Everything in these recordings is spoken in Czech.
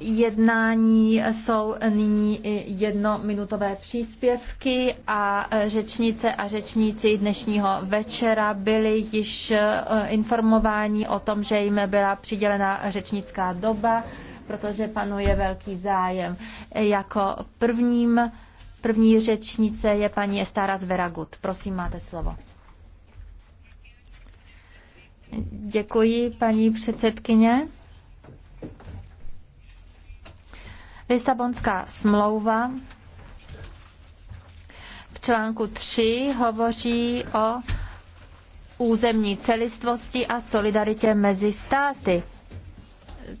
jednání jsou nyní i jednominutové příspěvky a řečnice a řečníci dnešního večera byli již eh, informováni o tom, že jim byla přidělena řečnická doba, protože panuje velký zájem. Jako prvním, první řečnice je paní Estára Zveragut. Prosím, máte slovo. Děkuji, paní předsedkyně. Lisabonská smlouva v článku 3 hovoří o územní celistvosti a solidaritě mezi státy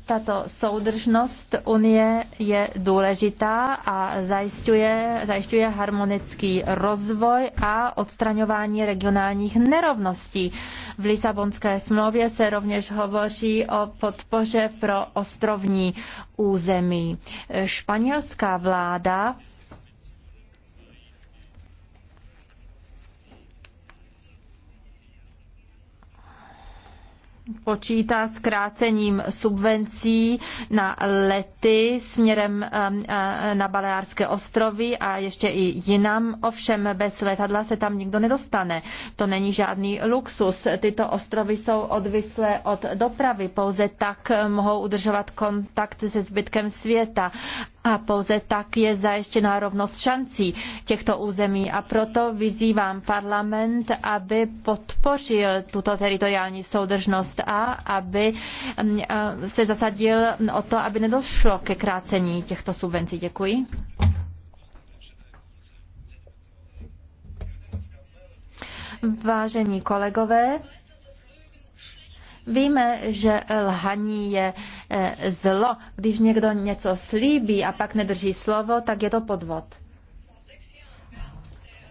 tato soudržnost Unie je důležitá a zajišťuje, zajišťuje harmonický rozvoj a odstraňování regionálních nerovností. V Lisabonské smlouvě se rovněž hovoří o podpoře pro ostrovní území. Španělská vláda počítá s krácením subvencí na lety směrem eh, eh, na Baleárské ostrovy a ještě i jinam. Ovšem bez letadla se tam nikdo nedostane. To není žádný luxus. Tyto ostrovy jsou odvislé od dopravy. Pouze tak mohou udržovat kontakt se zbytkem světa a pouze tak je zajištěná rovnost šancí těchto území a proto vyzývám parlament, aby podpořil tuto teritoriální soudržnost a aby mm, eh, se zasadil o to, aby nedošlo ke krácení těchto subvencí. Děkuji. Vážení kolegové, Víme, že lhaní je eh, zlo. Když někdo něco slíbí a pak nedrží slovo, tak je to podvod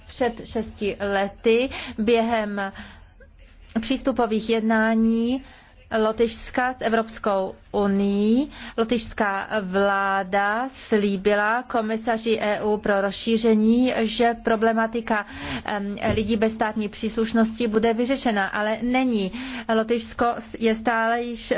před šesti lety během přístupových jednání Lotyšska s Evropskou unii. Lotyšská vláda slíbila komisaři EU pro rozšíření, že problematika lidí bez státní příslušnosti bude vyřešena, ale není. Lotyšsko je stále již,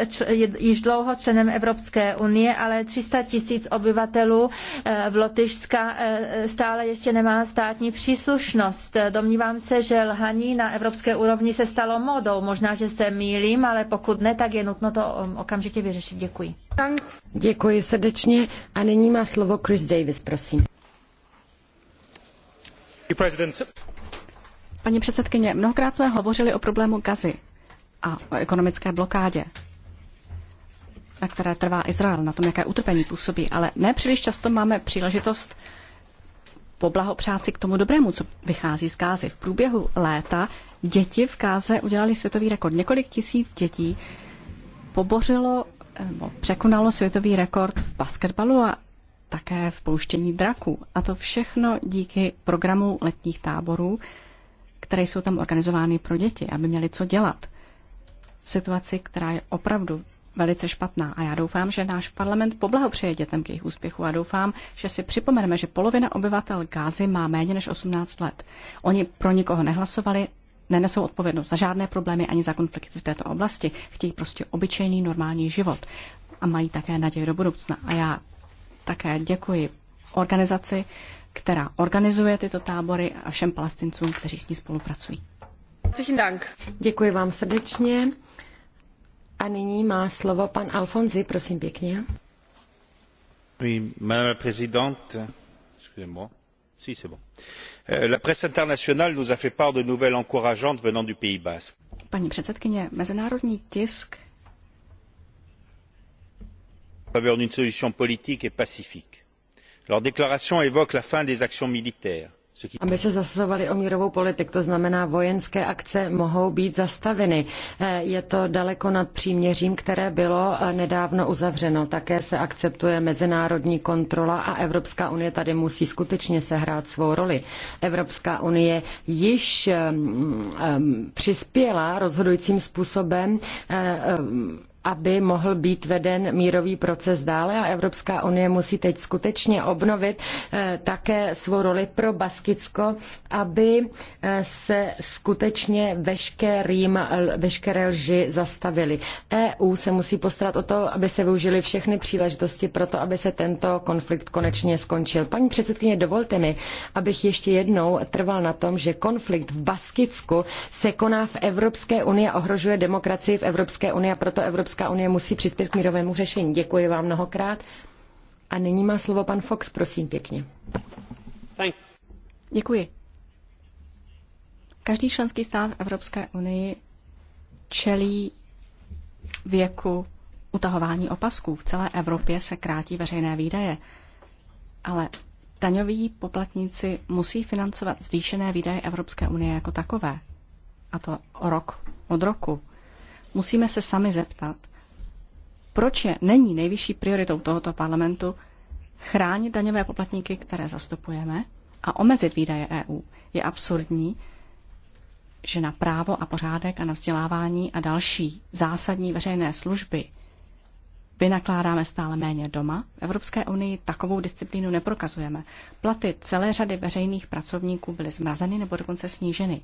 již dlouho členem Evropské unie, ale 300 tisíc obyvatelů eh, v Lotyšska eh, stále ještě nemá státní příslušnost. Domnívám se, že lhaní na evropské úrovni se stalo modou. Možná, že se mýlím, ale pokud pokud ne, tak je nutno to um, okamžitě vyřešit. Děkuji. Děkuji srdečně a nyní má slovo Chris Davis, prosím. Paní předsedkyně, mnohokrát jsme hovořili o problému Gazy a o ekonomické blokádě, na které trvá Izrael, na tom, jaké utrpení působí, ale ne příliš často máme příležitost poblahopřát si k tomu dobrému, co vychází z Gázy. V průběhu léta děti v Káze udělali světový rekord. Několik tisíc dětí pobořilo nebo překonalo světový rekord v basketbalu a také v pouštění draků. A to všechno díky programu letních táborů, které jsou tam organizovány pro děti, aby měli co dělat v situaci, která je opravdu velice špatná. A já doufám, že náš parlament poblahopřeje dětem k jejich úspěchu a doufám, že si připomeneme, že polovina obyvatel Gázy má méně než 18 let. Oni pro nikoho nehlasovali, nenesou odpovědnost za žádné problémy ani za konflikty v této oblasti. Chtějí prostě obyčejný normální život a mají také naději do budoucna. A já také děkuji organizaci, která organizuje tyto tábory a všem palestincům, kteří s ní spolupracují. Děkuji vám srdečně. A nyní má slovo pan Alfonzi, prosím pěkně. Oui, madame la présidente, excusez-moi. Euh, la presse internationale nous a fait part de nouvelles encourageantes venant du Pays basque. Paní předsedkyně, mezinárodní tisk faveur d'une solution politique et pacifique. Leur déclaration évoque la fin des actions militaires aby se zasazovali o mírovou politiku, to znamená vojenské akce mohou být zastaveny. Eh, je to daleko nad příměřím, které bylo eh, nedávno uzavřeno. Také se akceptuje mezinárodní kontrola a Evropská unie tady musí skutečně sehrát svou roli. Evropská unie již eh, mm, přispěla rozhodujícím způsobem aby mohl být veden mírový proces dále a Evropská unie musí teď skutečně obnovit eh, také svou roli pro Baskicko, aby eh, se skutečně veškerým, veškeré lži zastavily. EU se musí postarat o to, aby se využily všechny příležitosti pro to, aby se tento konflikt konečně skončil. Paní předsedkyně, dovolte mi, abych ještě jednou trval na tom, že konflikt v Baskicku se koná v Evropské unii a ohrožuje demokracii v Evropské unii a proto Evropská Evropská unie musí přispět k mírovému řešení. Děkuji vám mnohokrát. A nyní má slovo pan Fox, prosím pěkně. Děkuji. Každý členský stát v Evropské unii čelí věku utahování opasků. V celé Evropě se krátí veřejné výdaje. Ale daňoví poplatníci musí financovat zvýšené výdaje Evropské unie jako takové. A to rok od roku. Musíme se sami zeptat, proč je není nejvyšší prioritou tohoto parlamentu chránit daňové poplatníky, které zastupujeme, a omezit výdaje EU. Je absurdní, že na právo a pořádek a na vzdělávání a další zásadní veřejné služby vynakládáme stále méně doma. V Evropské unii takovou disciplínu neprokazujeme. Platy celé řady veřejných pracovníků byly zmrazeny nebo dokonce sníženy.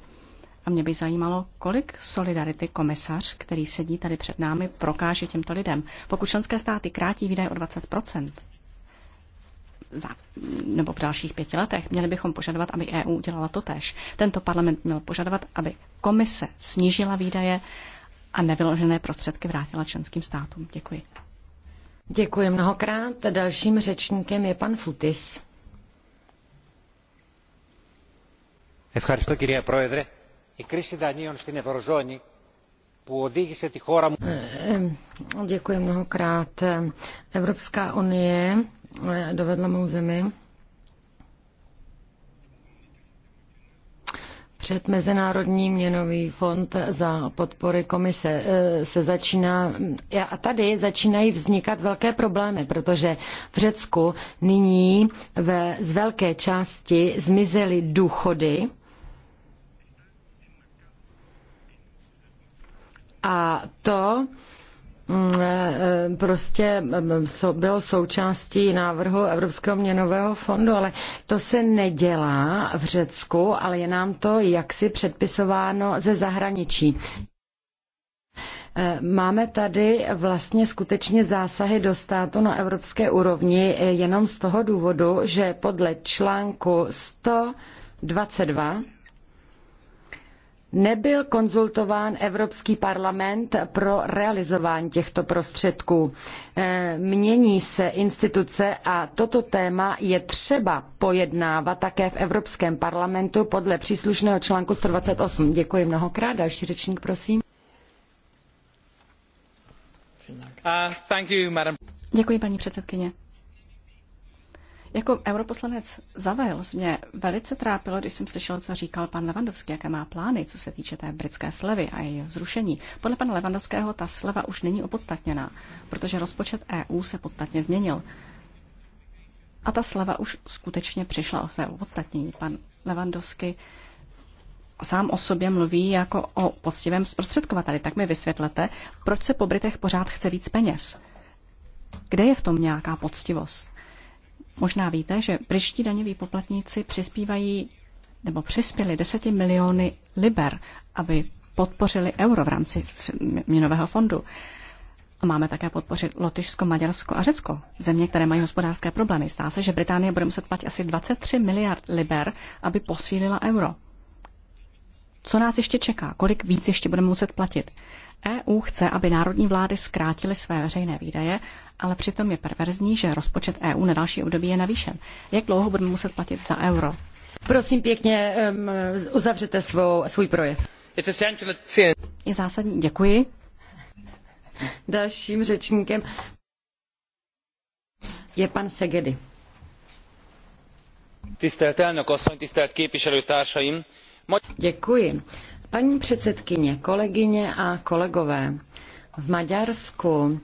A mě by zajímalo, kolik solidarity komisař, který sedí tady před námi, prokáže těmto lidem. Pokud členské státy krátí výdaje o 20 za, nebo v dalších pěti letech, měli bychom požadovat, aby EU udělala to tež. Tento parlament měl požadovat, aby komise snížila výdaje a nevyložené prostředky vrátila členským státům. Děkuji. Děkuji mnohokrát. Dalším řečníkem je pan Futis. Ευχαριστώ κυρία Πρόεδρε η κρίση δανείων στην Ευρωζώνη που οδήγησε τη χώρα μου... Děkuji mnohokrát. Evropská unie eh, dovedla mou zemi před Mezinárodní měnový fond za podpory komise eh, se začíná, eh, a tady začínají vznikat velké problémy, protože v Řecku nyní ve, z velké části zmizely důchody, A to mm, e, e, prostě mm, e, bylo součástí návrhu Evropského měnového fondu, ale to se nedělá v Řecku, ale je nám to jaksi předpisováno ze zahraničí. Máme tady vlastně skutečně zásahy do státu na evropské úrovni jenom z toho důvodu, že podle článku 122 nebyl konzultován Evropský parlament pro realizování těchto prostředků. E, mění se instituce a toto téma je třeba pojednávat také v Evropském parlamentu podle příslušného článku 128. Děkuji mnohokrát. Další řečník, prosím. Uh, Děkuji, paní předsedkyně. Jako europoslanec za Wales mě velice trápilo, když jsem slyšel, co říkal pan Levandovský, jaké má plány, co se týče té britské slevy a jejího zrušení. Podle pana Levandovského ta sleva už není opodstatněná, protože rozpočet EU se podstatně změnil. A ta sleva už skutečně přišla o své opodstatnění. Pan Levandovský sám o sobě mluví jako o poctivém zprostředkovateli. Tak mi vysvětlete, proč se po Britech pořád chce víc peněz. Kde je v tom nějaká poctivost? Možná víte, že britští daňoví poplatníci přispívají nebo přispěli 10 miliony liber, aby podpořili euro v rámci měnového fondu. A máme také podpořit Lotyšsko, Maďarsko a Řecko, země, které mají hospodářské problémy. Stá se, že Británie bude muset platit asi 23 miliard liber, aby posílila euro. Co nás ještě čeká? Kolik víc ještě budeme muset platit? EU chce, aby národní vlády zkrátily své veřejné výdaje, ale přitom je perverzní, že rozpočet EU na další období je navýšen. Jak dlouho budeme muset platit za euro? Prosím pěkně, um, uzavřete svou, svůj projev. Je zásadní, děkuji. Dalším řečníkem je pan Segedy. Tisztelt elnök asszony, tisztelt képviselőtársaim! Děkuji. Paní předsedkyně, kolegyně a kolegové, v Maďarsku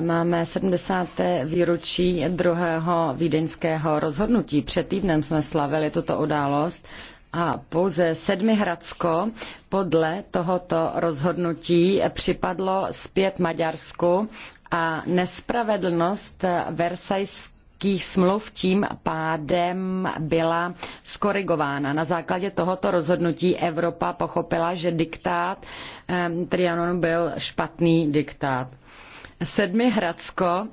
Máme 70. výročí druhého vídeňského rozhodnutí. Před týdnem jsme slavili tuto událost a pouze Sedmihradsko podle tohoto rozhodnutí připadlo zpět Maďarsku a nespravedlnost Versajské nějakých smluv tím pádem byla skorigována. Na základě tohoto rozhodnutí Evropa pochopila, že diktát um, eh, Trianon byl špatný diktát. Sedmihradsko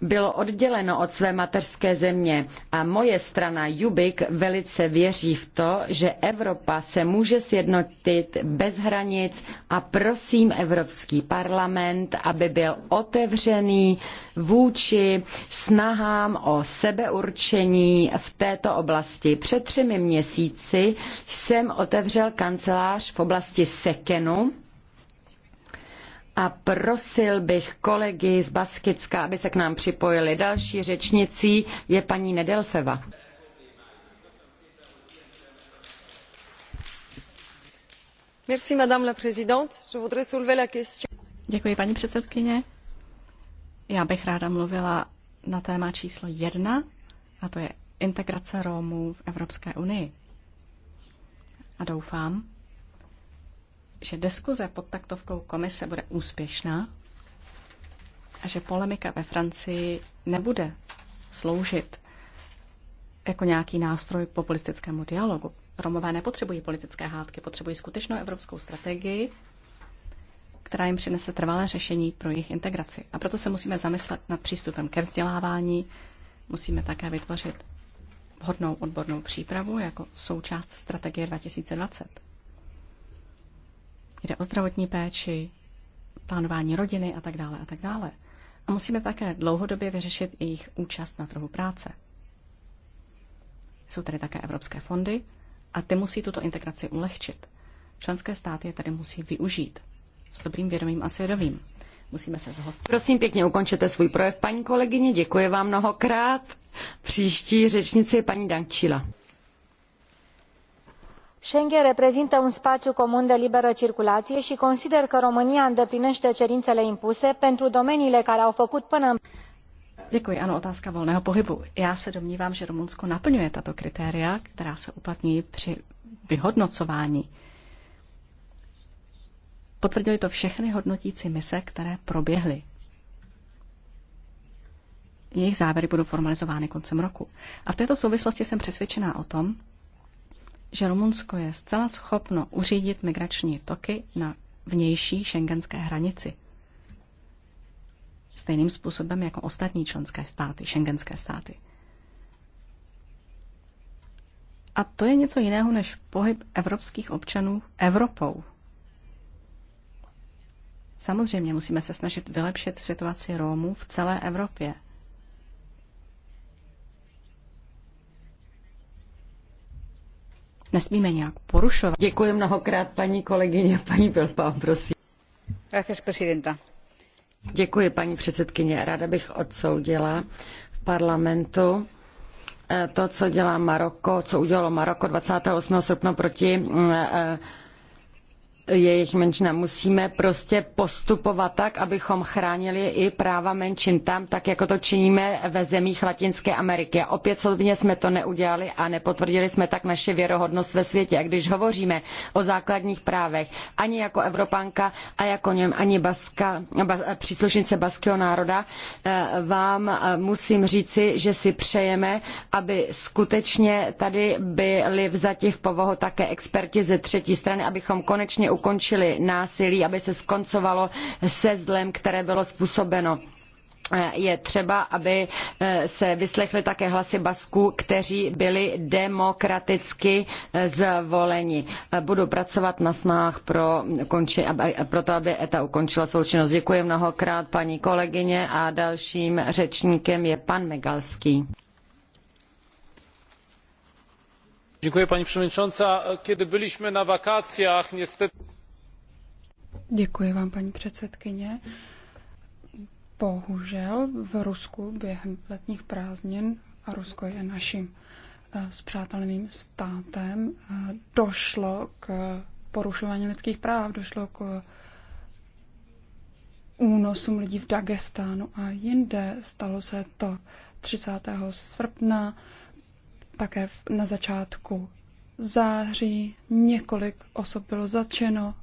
bylo odděleno od své mateřské země a moje strana Jubik velice věří v to, že Evropa se může sjednotit bez hranic a prosím Evropský parlament, aby byl otevřený vůči snahám o sebeurčení v této oblasti. Před třemi měsíci jsem otevřel kancelář v oblasti Sekenu, a prosil bych kolegy z Baskicka, aby se k nám připojili. Další řečnicí je paní Nedelfeva. Merci, madame la présidente. Je voudrais soulever la question. Děkuji, paní předsedkyně. Já bych ráda mluvila na téma číslo jedna, a to je integrace Romů v Evropské unii. A doufám, že diskuze pod taktovkou komise bude úspěšná a že polemika ve Francii nebude sloužit jako nějaký nástroj populistickému dialogu. Romové nepotřebují politické hádky, potřebují skutečnou evropskou strategii, která jim přinese trvalé řešení pro jejich integraci. A proto se musíme zamyslet nad přístupem ke vzdělávání, musíme také vytvořit vhodnou odbornou přípravu jako součást strategie 2020. Jde o zdravotní péči, plánování rodiny a tak dále a tak dále. A musíme také dlouhodobě vyřešit jejich účast na trhu práce. Jsou tady také evropské fondy a ty musí tuto integraci ulehčit. Členské státy je tady musí využít s dobrým vědomím a svědomím. Musíme se zhostit. Prosím pěkně, ukončete svůj projev, paní kolegyně. Děkuji vám mnohokrát. Příští řečnici je paní Dankčila schengen reprezintă un spaiu comun de liberă circulaie i consider că românia îndeplinete cerinele impuse pentru domeniile care au făcut până Děkuji. Ano, otázka volného pohybu. Já se domnívám, že Rumunsko naplňuje tato kritéria, která se uplatňují při vyhodnocování. Potvrdili to všechny hodnotící mise, které proběhly. Jejich závěry budou formalizovány koncem roku. A v této souvislosti jsem přesvědčená o tom, že Rumunsko je zcela schopno uřídit migrační toky na vnější šengenské hranici. Stejným způsobem jako ostatní členské státy, šengenské státy. A to je něco jiného než pohyb evropských občanů Evropou. Samozřejmě musíme se snažit vylepšit situaci Rómů v celé Evropě, nesmíme nějak porušovat. Děkuji mnohokrát paní kolegyně, paní Bilbao, prosím. Gracias, presidenta. Děkuji, paní předsedkyně. Ráda bych odsoudila v parlamentu eh, to, co dělá Maroko, co udělalo Maroko 28. srpna proti eh, eh, je jejich menšina. Musíme prostě postupovat tak, abychom chránili i práva menšin tam, tak jako to činíme ve zemích Latinské Ameriky. A opět soudně jsme to neudělali a nepotvrdili jsme tak naši věrohodnost ve světě. A když hovoříme o základních právech, ani jako Evropanka a jako něm, ani Baska, bas, příslušnice Baského národa, eh, vám eh, musím říci, že si přejeme, aby skutečně tady byli vzati v povohu také experti ze třetí strany, abychom konečně ukončili násilí, aby se skoncovalo se zlem, které bylo způsobeno eh, je třeba, aby eh, se vyslechly také hlasy Basků, kteří byli demokraticky eh, zvoleni. Budu pracovat na snahách pro, pro to, aby ETA ukončila svou činnost. Děkuji mnohokrát paní kolegyně a dalším řečníkem je pan Megalský. paní byliśmy na wakacjach niestety. Děkuji vám, paní předsedkyně. Bohužel v Rusku během letních prázdnin, a Rusko je naším eh, spřáteleným státem, eh, došlo k porušování lidských práv, došlo k únosům lidí v Dagestánu a jinde. Stalo se to 30. srpna také na začátku září. Několik osob bylo zatčeno.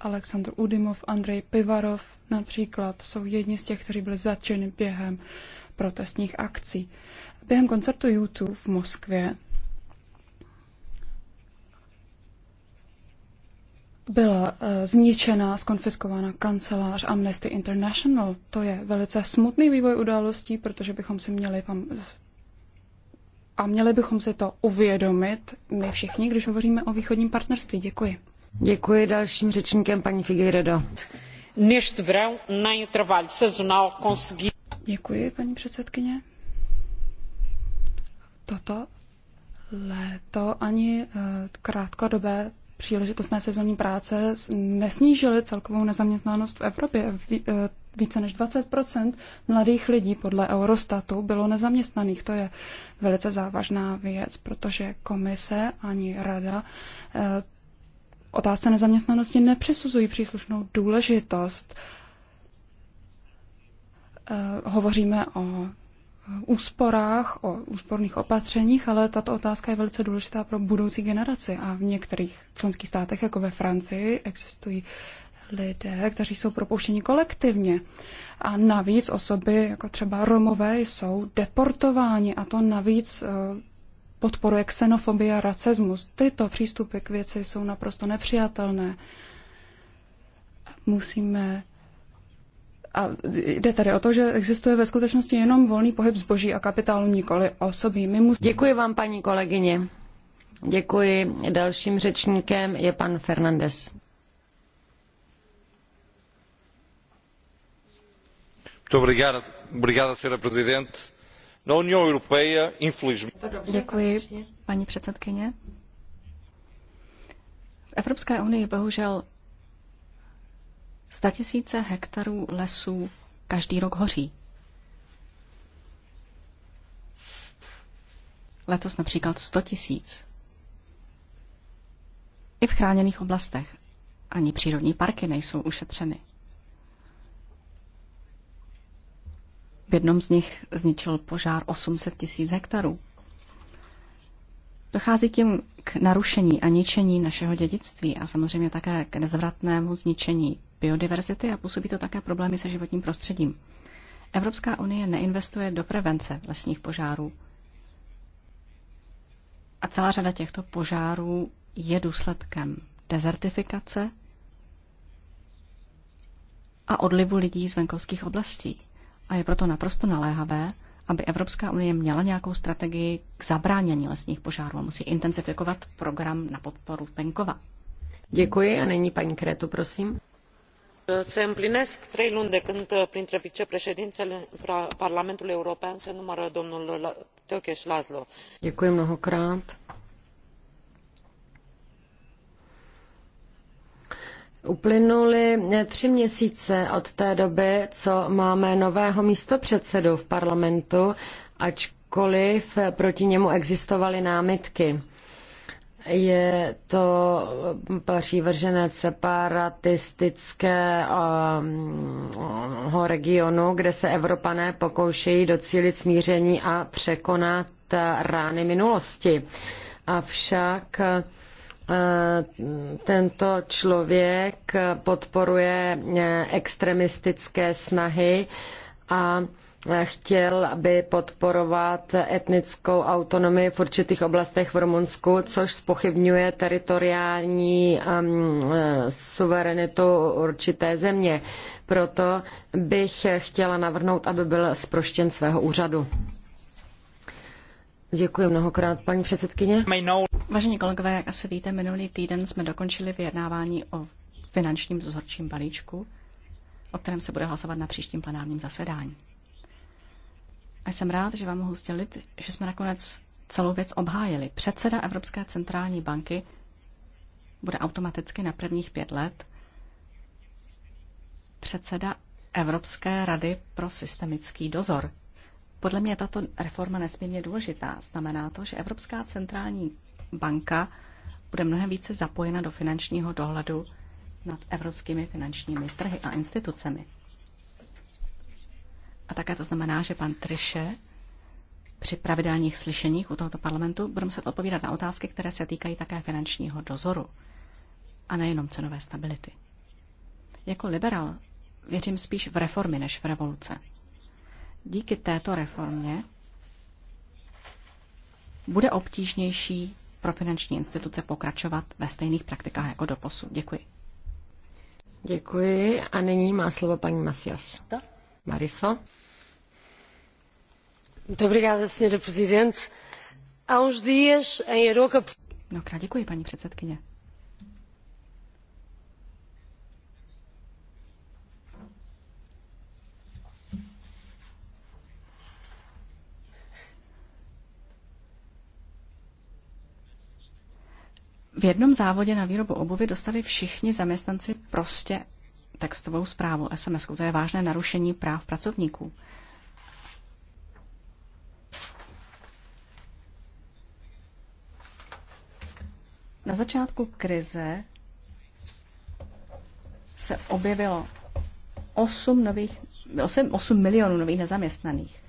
Aleksandr Udimov, Andrej Pivarov například jsou jedni z těch, kteří byli zatčeni během protestních akcí. Během koncertu YouTube v Moskvě byla eh, zničena, skonfiskována kancelář Amnesty International. To je velice smutný vývoj událostí, protože bychom si měli a měli bychom si to uvědomit my všichni, když hovoříme o východním partnerství. Děkuji. Děkuji dalším řečníkem paní Figueiredo. Neste verão nem o trabalho sazonal conseguiu. Děkuji, paní předsedkyně. Toto léto ani eh, krátkodobé příležitostné sezónní práce nesnížily celkovou nezaměstnanost v Evropě. Eh, více než 20 mladých lidí podle Eurostatu bylo nezaměstnaných. To je velice závažná věc, protože komise ani rada eh, otázce nezaměstnanosti nepřisuzují příslušnou důležitost. Eh, hovoříme o úsporách, o úsporných opatřeních, ale tato otázka je velice důležitá pro budoucí generaci a v některých členských státech, jako ve Francii, existují lidé, kteří jsou propouštěni kolektivně. A navíc osoby, jako třeba Romové, jsou deportováni a to navíc eh, podporuje xenofobie a racismus. Tyto přístupy k věci jsou naprosto nepřijatelné. Musíme a jde tady o to, že existuje ve skutečnosti jenom volný pohyb zboží a kapitálu, nikoli osoby. My musí... Děkuji vám, paní kolegyně. Děkuji. Dalším řečníkem je pan Fernandez. paní V Evropské unii bohužel statisíce hektarů lesů každý rok hoří. Letos například 100 tisíc. I v chráněných oblastech ani přírodní parky nejsou ušetřeny. V jednom z nich zničil požár 800 tisíc hektarů. Dochází tím k narušení a ničení našeho dědictví a samozřejmě také k nezvratnému zničení biodiverzity a působí to také problémy se životním prostředím. Evropská unie neinvestuje do prevence lesních požárů. A celá řada těchto požárů je důsledkem dezertifikace a odlivu lidí z venkovských oblastí a je proto naprosto naléhavé, aby Evropská unie měla nějakou strategii k zabránění lesních požárů a musí intenzifikovat program na podporu venkova. Děkuji a nyní paní Kretu, prosím. Se împlinesc trei luni de când printre vicepreședințele Parlamentului European se numără domnul Teocheș Laszlo. Děkuji mnohokrát. Uplynuly tři měsíce od té doby, co máme nového místopředsedu v parlamentu, ačkoliv proti němu existovaly námitky. Je to přívrženec separatistického um, regionu, kde se Evropané pokoušejí docílit smíření a překonat rány minulosti. Avšak Eh, tento člověk podporuje eh, extremistické snahy a eh, chtěl, by podporovat etnickou autonomii v určitých oblastech v Rumunsku, což spochybňuje teritoriální ehm, suverenitu určité země. Proto bych chtěla navrhnout, aby byl zproštěn svého úřadu. Děkuji mnohokrát, paní předsedkyně. Vážení kolegové, jak asi víte, minulý týden jsme dokončili vyjednávání o finančním dozorčím balíčku, o kterém se bude hlasovat na příštím plenárním zasedání. A jsem rád, že vám mohu sdělit, že jsme nakonec celou věc obhájili. Předseda Evropské centrální banky bude automaticky na prvních pět let předseda Evropské rady pro systemický dozor, podle mě tato reforma nesmírně důležitá. Znamená to, že Evropská centrální banka bude mnohem více zapojena do finančního dohledu nad evropskými finančními trhy a institucemi. A také to znamená, že pan Triše při pravidelných slyšeních u tohoto parlamentu bude muset odpovídat na otázky, které se týkají také finančního dozoru a nejenom cenové stability. Jako liberál věřím spíš v reformy než v revoluce. Díky této reformě bude obtížnější pro finanční instituce pokračovat ve stejných praktikách jako do posu. Děkuji. Děkuji a nyní má slovo paní Masias. Mariso. Muito obrigada, senhora presidente. Há uns dias em Aroca... Mnohokrát děkuji, paní předsedkyně. V jednom závodě na výrobu obuvy dostali všichni zaměstnanci prostě textovou zprávu sms -ku. To je vážné narušení práv pracovníků. Na začátku krize se objevilo 8, nových, 8, 8 milionů nových nezaměstnaných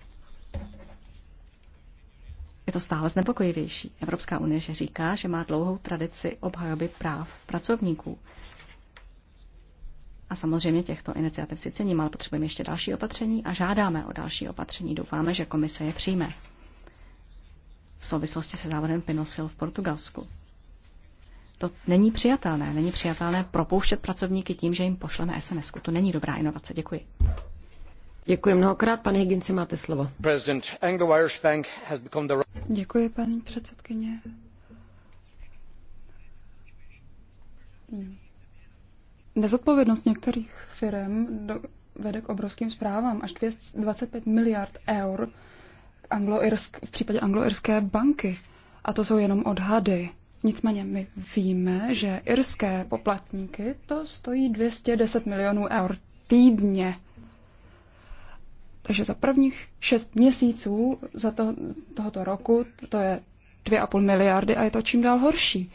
je to stále znepokojivější. Evropská unie že říká, že má dlouhou tradici obhajoby práv pracovníků. A samozřejmě těchto iniciativ si cením, ale potřebujeme ještě další opatření a žádáme o další opatření. Doufáme, že komise je přijme v souvislosti se závodem Pinosil v Portugalsku. To není přijatelné. Není přijatelné propouštět pracovníky tím, že jim pošleme sms -ku. To není dobrá inovace. Děkuji. Děkuji mnohokrát. Pane Higginsi, máte slovo. Děkuji, paní předsedkyně. Nezodpovědnost některých firm do, vede k obrovským zprávám. Až 25 miliard eur anglo v případě angloirské banky. A to jsou jenom odhady. Nicméně my víme, že irské poplatníky to stojí 210 milionů eur týdně. Takže za prvních šest měsíců za to, tohoto roku to je 2,5 miliardy a je to čím dál horší.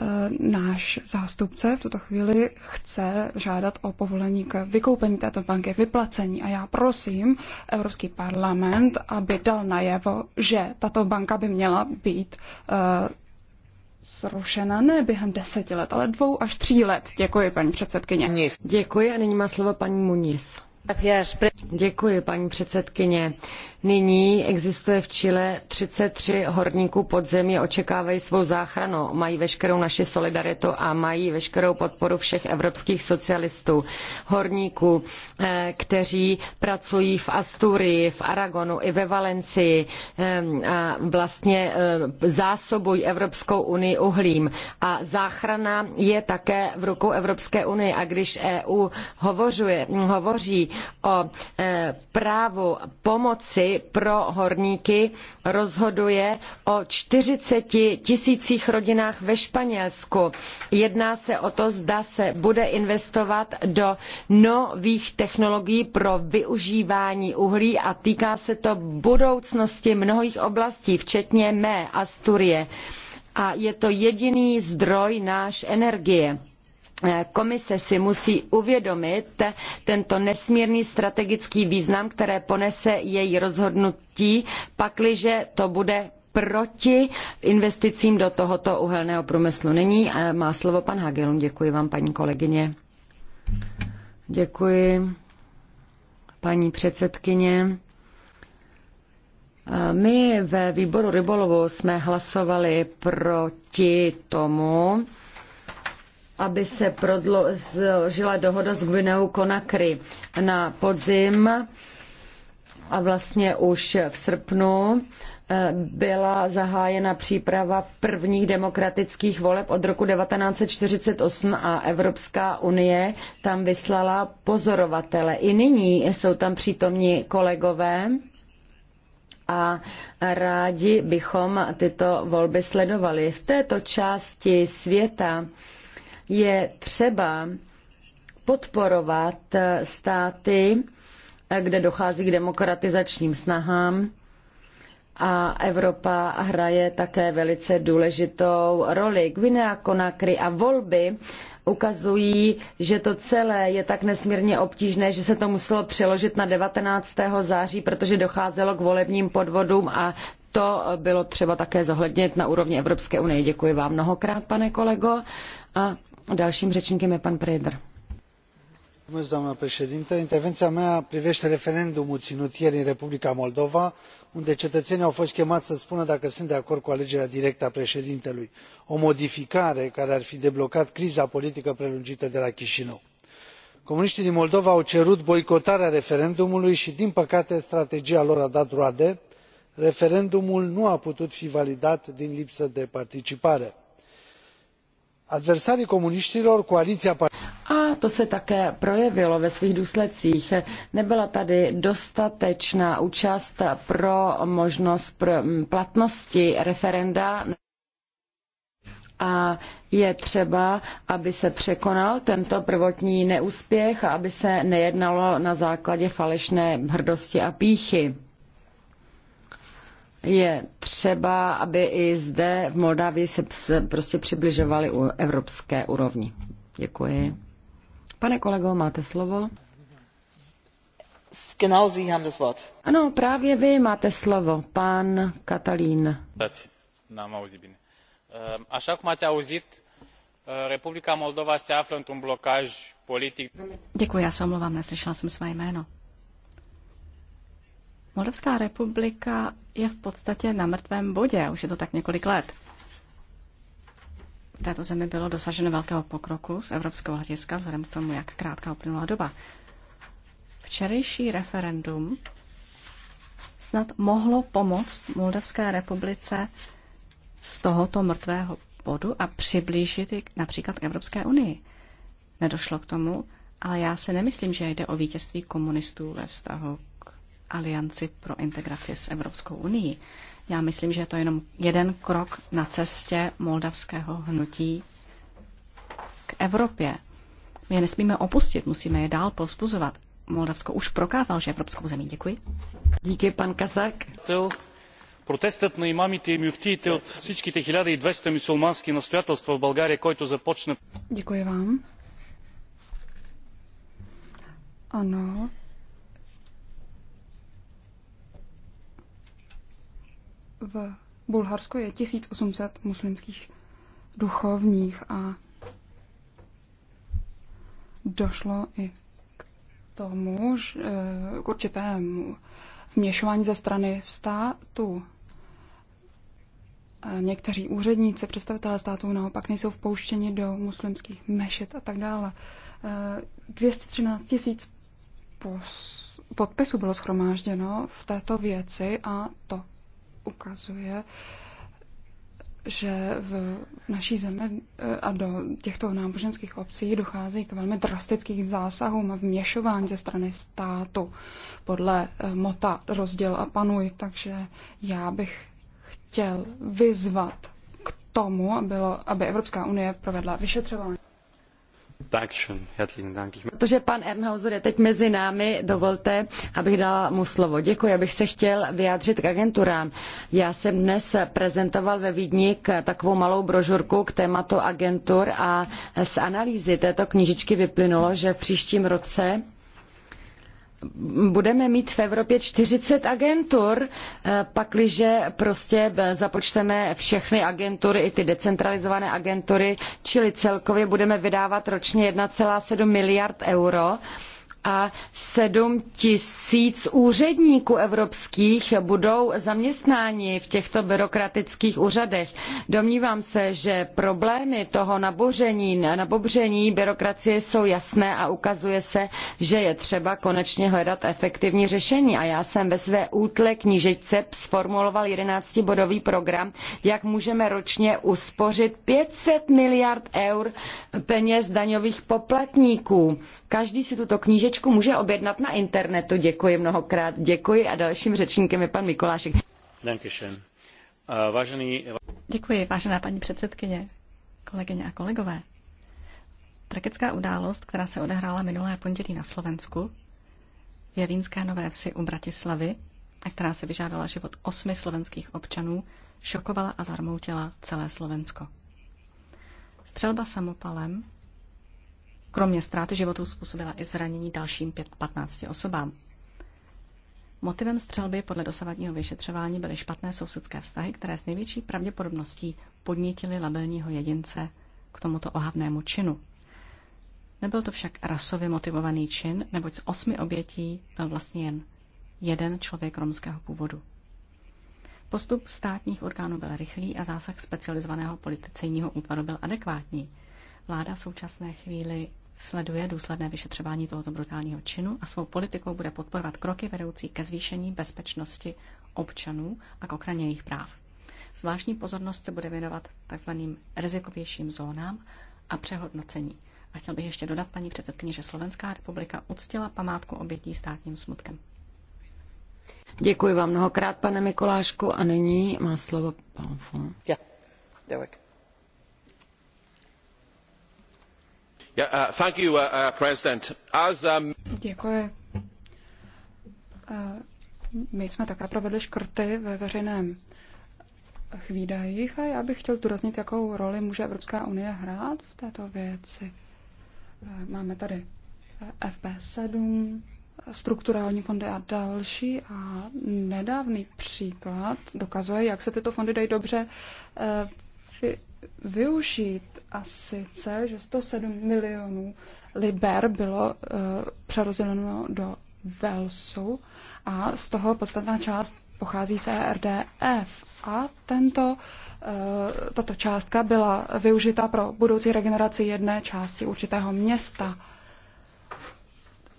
E, náš zástupce v tuto chvíli chce žádat o povolení k vykoupení této banky, vyplacení. A já prosím Evropský parlament, aby dal najevo, že tato banka by měla být e, zrušena ne během deseti let, ale dvou až tří let. Děkuji, paní předsedkyně. Děkuji a nyní má slovo paní Muniz. Děkuji, paní předsedkyně. Nyní existuje v Chile 33 horníků podzemí, očekávají svou záchranu, mají veškerou naši solidaritu a mají veškerou podporu všech evropských socialistů. Horníků, eh, kteří pracují v Asturii, v Aragonu i ve Valencii eh, a vlastně eh, zásobují Evropskou unii uhlím. A záchrana je také v rukou Evropské unie. A když EU hovoří o e, právu pomoci pro horníky rozhoduje o 40 tisících rodinách ve Španělsku. Jedná se o to, zda se bude investovat do nových technologií pro využívání uhlí a týká se to budoucnosti mnohých oblastí, včetně mé Asturie. A je to jediný zdroj náš energie Eh, komise si musí uvědomit tento nesmírný strategický význam, který ponese její rozhodnutí, pakliže to bude proti investicím do tohoto uhelného průmyslu. Nyní eh, má slovo pan Hagelun. Děkuji vám, paní kolegyně. Děkuji, paní předsedkyně. Eh, my ve výboru rybolovu jsme hlasovali proti tomu, aby se prodloužila dohoda s Gvineou Konakry na podzim a vlastně už v srpnu eh, byla zahájena příprava prvních demokratických voleb od roku 1948 a Evropská unie tam vyslala pozorovatele. I nyní jsou tam přítomní kolegové a rádi bychom tyto volby sledovali. V této části světa je třeba podporovat státy, kde dochází k demokratizačním snahám a Evropa hraje také velice důležitou roli. Guinea Konakry a volby ukazují, že to celé je tak nesmírně obtížné, že se to muselo přeložit na 19. září, protože docházelo k volebním podvodům a to bylo třeba také zohlednit na úrovni Evropské unie. Děkuji vám mnohokrát, pane kolego. A Dalším řečníkem je pan Prejder. Doamna președintă, intervenția mea privește referendumul ținut ieri în Republica Moldova, unde cetățenii au fost chemați să spună dacă sunt de acord cu alegerea directă a președintelui, o modificare care ar fi deblocat criza politică prelungită de la Chișinău comuniștii din moldova au cerut boicotarea referendumului și din păcate strategia lor a dat roade referendumul nu a putut fi validat din lipsă de participare koalice... A to se také projevilo ve svých důsledcích. Nebyla tady dostatečná účast pro možnost platnosti referenda a je třeba, aby se překonal tento prvotní neúspěch a aby se nejednalo na základě falešné hrdosti a píchy je třeba, aby i zde v Moldavii se prostě přibližovali u evropské úrovni. Děkuji. Pane kolego, máte slovo. Genau Sie haben das Wort. Ano, právě vy máte slovo, pan Katalín. N-am auzit bine. Ehm, așa cum ați eh, Republika Moldova se află într-un blocaj politic. Děkuji, já se omlouvám, neslyšela jsem své jméno. Moldovská republika je v podstatě na mrtvém bodě, už je to tak několik let. V této zemi bylo dosaženo velkého pokroku z evropského hlediska, vzhledem k tomu, jak krátká uplynula doba. Včerejší referendum snad mohlo pomoct Moldavské republice z tohoto mrtvého bodu a přiblížit ji například k Evropské unii. Nedošlo k tomu, ale já si nemyslím, že jde o vítězství komunistů ve vztahu alianci pro integraci s Evropskou unii. Já myslím, že je to jenom jeden krok na cestě moldavského hnutí k Evropě. My je nesmíme opustit, musíme je dál povzbuzovat. Moldavsko už prokázal, že je evropskou zemí. Děkuji. Díky, pan Kazak. Протестът на имамите и мюфтиите от всичките 1200 мусулмански настоятелства в България, който започна... Дякую vám. Ano, v Bulharsku je 1800 muslimských duchovních a došlo i k tomu, že eh, k určitému vměšování ze strany státu. Někteří úředníci, představitelé států naopak nejsou vpouštěni do muslimských mešit a tak dále. 213 eh, tisíc podpisů bylo schromážděno v této věci a to ukazuje, že v naší zemi eh, a do těchto náboženských obcí dochází k velmi drastickým zásahům a vměšování ze strany státu podle eh, mota rozděl a panuj. Takže já bych chtěl vyzvat k tomu, aby Evropská unie provedla vyšetřování. Protože pan Ernhauser je teď mezi námi, dovolte, abych dala mu slovo. Děkuji, abych se chtěl vyjádřit k agenturám. Já jsem dnes prezentoval ve Vídni takovou malou brožurku k tématu agentur a z analýzy této knižičky vyplynulo, že v příštím roce budeme mít v Evropě 40 agentur, eh, pakliže prostě eh, započteme všechny agentury, i ty decentralizované agentury, čili celkově budeme vydávat ročně 1,7 miliard euro a 7 tisíc úředníků evropských budou zaměstnáni v těchto byrokratických úřadech. Domnívám se, že problémy toho naboření, nabobření byrokracie jsou jasné a ukazuje se, že je třeba konečně hledat efektivní řešení. A já jsem ve své útle knížečce sformuloval 11-bodový program, jak můžeme ročně uspořit 500 miliard eur peněz daňových poplatníků. Každý si tuto knížečku knížečku může objednat na internetu. Děkuji mnohokrát. Děkuji a dalším řečníkem je pan Mikolášek. Vážený... Děkuji, vážená paní předsedkyně, kolegyně a kolegové. Tragická událost, která se odehrála minulé pondělí na Slovensku, je vínské nové vsi u Bratislavy, a která se vyžádala život osmi slovenských občanů, šokovala a zarmoutila celé Slovensko. Střelba samopalem Kromě ztráty životů způsobila i zranění dalším 15 osobám. Motivem střelby podle dosavadního vyšetřování byly špatné sousedské vztahy, které s největší pravděpodobností podnítily labelního jedince k tomuto ohavnému činu. Nebyl to však rasově motivovaný čin, neboť z osmi obětí byl vlastně jen jeden člověk romského původu. Postup státních orgánů byl rychlý a zásah specializovaného policejního útvaru byl adekvátní. Vláda v současné chvíli sleduje důsledné vyšetřování tohoto brutálního činu a svou politikou bude podporovat kroky vedoucí ke zvýšení bezpečnosti občanů a k ochraně jejich práv. Zvláštní pozornost se bude věnovat tzv. rizikovějším zónám a přehodnocení. A chtěl bych ještě dodat, paní předsedkyně, že Slovenská republika uctila památku obětí státním smutkem. Děkuji vám mnohokrát, pane Mikolášku, a nyní má slovo pan Fon. Ja, děkuji. Uh, uh, uh, um, Děkuji. My jsme také provedli škrty ve veřejných výdajích a já bych chtěl zdůraznit, jakou roli může Evropská unie hrát v této věci. Máme tady FP7, strukturální fondy a další. A nedávný příklad dokazuje, jak se tyto fondy dají dobře využít. A sice, že 107 milionů liber bylo uh, přerozděleno do Velsu a z toho podstatná část pochází z ERDF a tento, uh, tato částka byla využita pro budoucí regeneraci jedné části určitého města.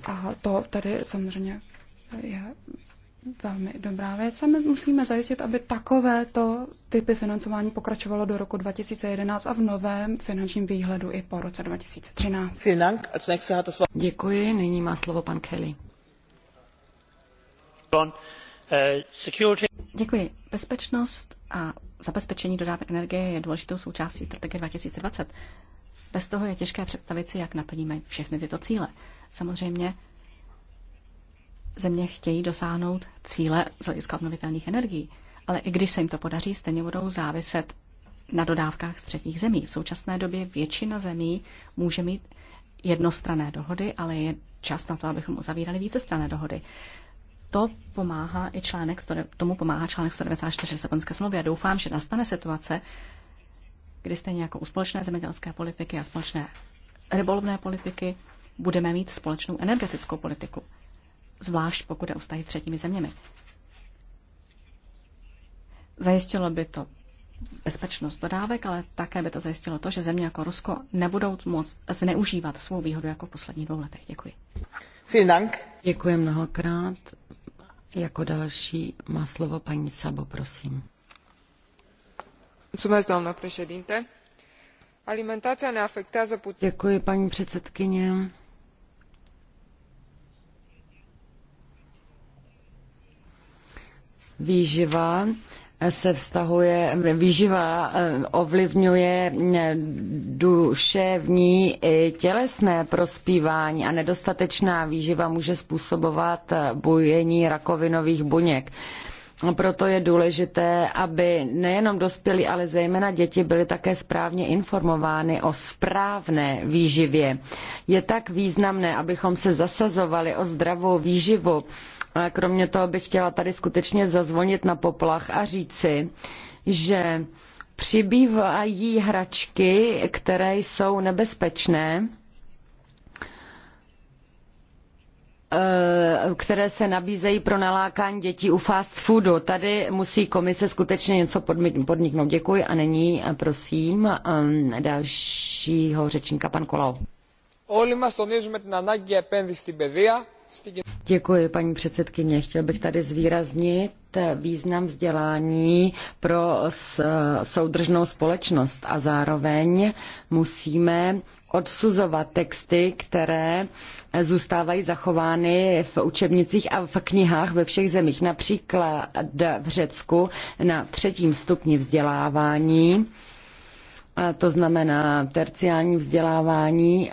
A to tady samozřejmě je velmi dobrá věc. A my musíme zajistit, aby takovéto typy financování pokračovalo do roku 2011 a v novém finančním výhledu i po roce 2013. Děkuji. Nyní má slovo pan Kelly. Děkuji. Bezpečnost a zabezpečení dodávek energie je důležitou součástí strategie 2020. Bez toho je těžké představit si, jak naplníme všechny tyto cíle. Samozřejmě země chtějí dosáhnout cíle z hlediska obnovitelných energií, ale i když se jim to podaří, stejně budou záviset na dodávkách z třetích zemí. V současné době většina zemí může mít jednostrané dohody, ale je čas na to, abychom uzavírali vícestrané dohody. To pomáhá i článek, tomu pomáhá článek 194 Lisabonské smlouvy a doufám, že nastane situace, kdy stejně jako u společné zemědělské politiky a společné rybolovné politiky budeme mít společnou energetickou politiku zvlášť pokud je o vztahy s třetími zeměmi. Zajistilo by to bezpečnost dodávek, ale také by to zajistilo to, že země jako Rusko nebudou moc zneužívat svou výhodu jako v posledních dvou letech. Děkuji. Dank. Děkuji mnohokrát. Jako další má slovo paní Sabo, prosím. Děkuji, paní předsedkyně. výživa eh, se vztahuje, eh, výživa eh, ovlivňuje duševní i tělesné prospívání a nedostatečná výživa může způsobovat bujení rakovinových buněk. Proto je důležité, aby nejenom dospělí, ale zejména děti byly také správně informovány o správné výživě. Je tak významné, abychom se zasazovali o zdravou výživu, Kromě toho bych chtěla tady skutečně zazvonit na poplach a říci, že přibývají hračky, které jsou nebezpečné, eh, které se nabízejí pro nalákání dětí u fast foodu. Tady musí komise skutečně něco podniknout. Děkuji a nyní prosím ehm, dalšího řečníka pan Kolau. Όλοι μας τονίζουμε την ανάγκη επένδυσης στην παιδεία Děkuji, paní předsedkyně. Chtěl bych tady zvýraznit význam vzdělání pro soudržnou společnost a zároveň musíme odsuzovat texty, které zůstávají zachovány v učebnicích a v knihách ve všech zemích. Například v Řecku na třetím stupni vzdělávání to znamená terciální vzdělávání,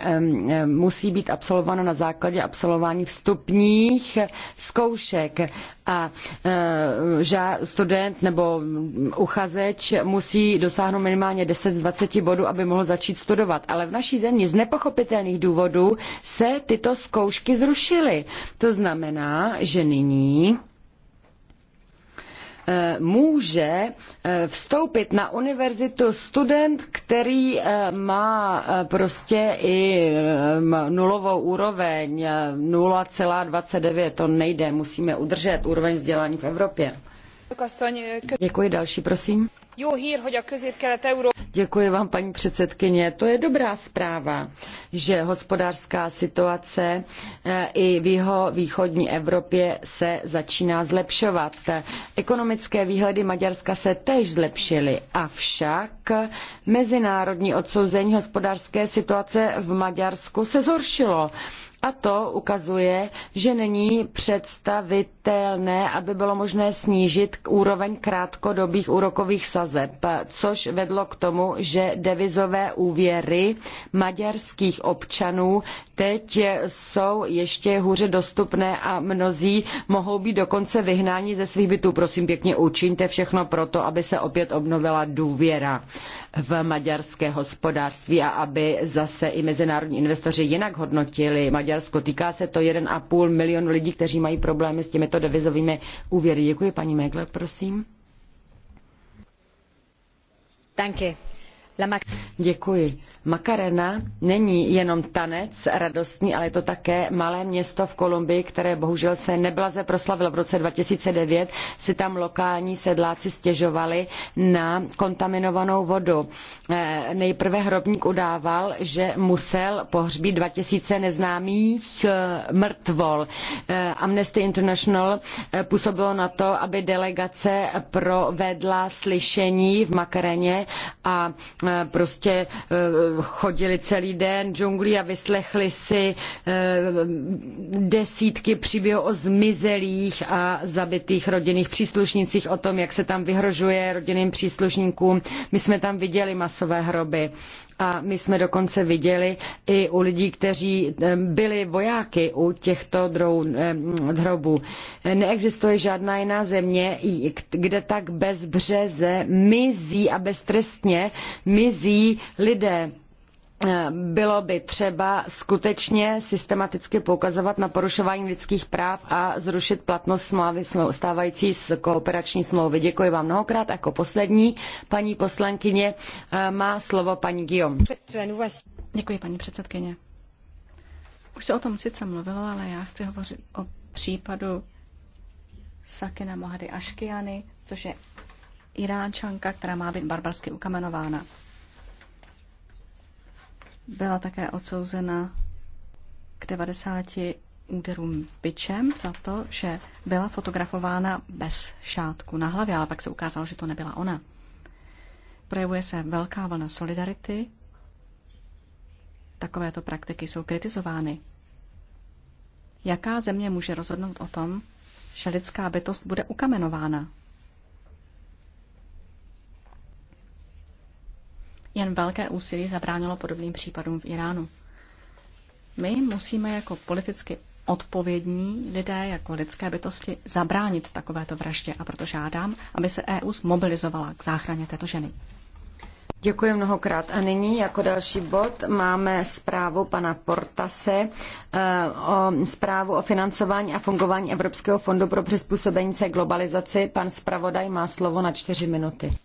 musí být absolvováno na základě absolvování vstupních zkoušek a eh, student nebo uchazeč musí dosáhnout minimálně 10 z 20 bodů, aby mohl začít studovat. Ale v naší zemi z nepochopitelných důvodů se tyto zkoušky zrušily. To znamená, že nyní Eh, může eh, vstoupit na univerzitu student, který eh, má prostě i nulovou úroveň 0,29, to nejde, musíme udržet úroveň vzdělání v Evropě. Děkuji, další prosím. Jó hír, hogy a közép-kelet-euró... Děkuji vám, paní předsedkyně. To je dobrá zpráva, že hospodářská situace eh, i v jeho východní Evropě se začíná zlepšovat. Ekonomické výhledy Maďarska se též zlepšily, avšak mezinárodní odsouzení hospodářské situace v Maďarsku se zhoršilo. A to ukazuje, že není představitelné, aby bylo možné snížit úroveň krátkodobých úrokových sazeb, což vedlo k tomu, že devizové úvěry maďarských občanů teď jsou ještě hůře dostupné a mnozí mohou být dokonce vyhnáni ze svých bytů. Prosím pěkně, učiňte všechno proto, aby se opět obnovila důvěra v maďarské hospodářství a aby zase i mezinárodní investoři jinak hodnotili maďarské Maďarsku. Týká se to 1,5 milionu lidí, kteří mají problémy s těmito devizovými úvěry. Děkuji, paní Megler, prosím. Děkuji. Macarena není jenom tanec radostný, ale je to také malé město v Kolumbii, které bohužel se neblaze proslavilo. V roce 2009 si tam lokální sedláci stěžovali na kontaminovanou vodu. Eh, nejprve hrobník udával, že musel pohřbít 2000 neznámých eh, mrtvol. Eh, Amnesty International působilo na to, aby delegace provedla slyšení v Makareně a prostě chodili celý den džunglí a vyslechli si eh, desítky příběhů o zmizelých a zabitých rodinných příslušnících, o tom, jak se tam vyhrožuje rodinným příslušníkům. My jsme tam viděli masové hroby. A my jsme dokonce viděli i u lidí, kteří eh, byli vojáky u těchto eh, hrobů. Neexistuje žádná jiná země, kde tak bezbřeze mizí a beztrestně mizí lidé. Eh, bylo by třeba skutečně systematicky poukazovat na porušování lidských práv a zrušit platnost smlouvy, stávající z kooperační smlouvy. Děkuji vám mnohokrát. Jako poslední paní poslankyně eh, má slovo paní Guillaume. Děkuji paní předsedkyně. Už se o tom sice mluvilo, ale já chci hovořit o případu Sakina Mohady Aškiany, což je Iránčanka, která má být barbarsky ukamenována. Byla také odsouzena k 90 úderům byčem za to, že byla fotografována bez šátku na hlavě, ale pak se ukázalo, že to nebyla ona. Projevuje se velká vlna solidarity. Takovéto praktiky jsou kritizovány. Jaká země může rozhodnout o tom, že lidská bytost bude ukamenována? Jen velké úsilí zabránilo podobným případům v Iránu. My musíme jako politicky odpovědní lidé, jako lidské bytosti, zabránit takovéto vraždě a proto žádám, aby se EU zmobilizovala k záchraně této ženy. Děkuji mnohokrát. A nyní jako další bod máme zprávu pana Portase eh, o zprávu o financování a fungování Evropského fondu pro přizpůsobení se globalizaci. Pan zpravodaj má slovo na čtyři minuty.